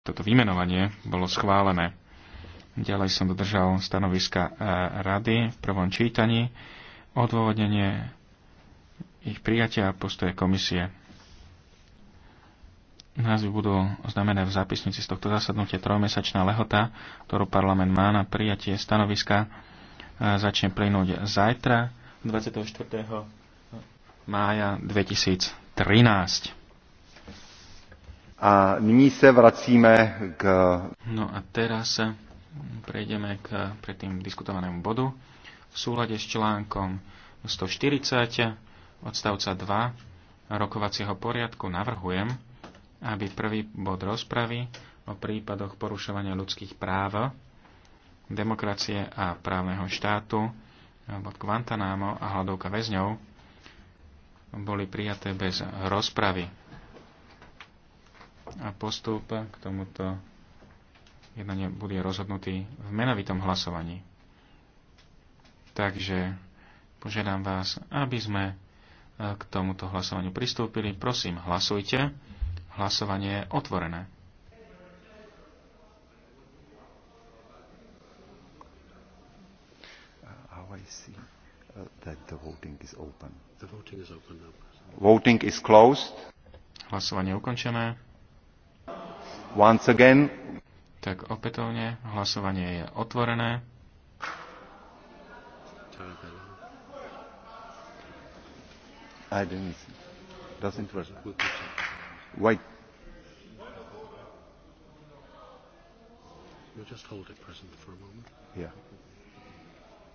toto vymenovanie bolo schválené. Ďalej som dodržal stanoviska e, rady v prvom čítaní, odôvodnenie ich prijatia a postoje komisie. Názvy budú oznamené v zápisnici z tohto zasadnutia trojmesačná lehota, ktorú parlament má na prijatie stanoviska, e, začne plynúť zajtra 24. mája 2013. A nyní se vracíme k... No a teraz prejdeme k predtým diskutovanému bodu. V súlade s článkom 140 odstavca 2 rokovacieho poriadku navrhujem, aby prvý bod rozpravy o prípadoch porušovania ľudských práv, demokracie a právneho štátu, bod Guantanamo a hľadovka väzňov boli prijaté bez rozpravy a postup k tomuto jednanie bude rozhodnutý v menovitom hlasovaní. Takže požiadam vás, aby sme e, k tomuto hlasovaniu pristúpili. Prosím, hlasujte. Hlasovanie je otvorené. Voting is closed. Hlasovanie je ukončené. Once again. Tak opätovne hlasovanie je otvorené. I didn't see. Doesn't work. Wait. You just hold it present for a moment. Yeah.